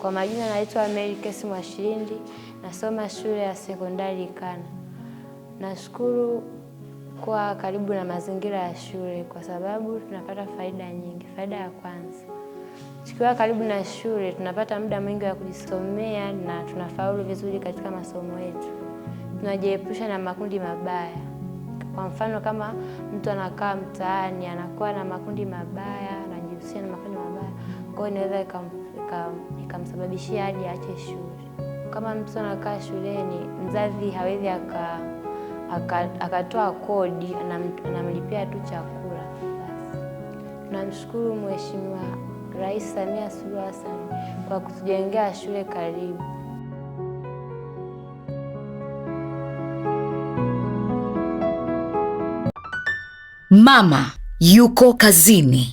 Kwa majina naitwa Mary Kesi Mwashindi, nasoma shule ya sekondari Ikana. Nashukuru kuwa karibu na mazingira ya shule kwa sababu tunapata faida nyingi. Faida ya kwanza, tukiwa karibu na shule tunapata muda mwingi wa kujisomea na tunafaulu vizuri katika masomo yetu. Tunajiepusha na makundi mabaya. Kwa mfano kama mtu anakaa mtaani anakuwa na makundi mabaya, anajihusisha na makundi mabaya, kwa hiyo inaweza kumsababishia hadi aache shule. Kama mtu anakaa shuleni, mzazi hawezi akatoa aka kodi, anamlipia tu chakula. Basi tunamshukuru Mheshimiwa Rais Samia Suluhu Hassan kwa kutujengea shule karibu. Mama yuko kazini.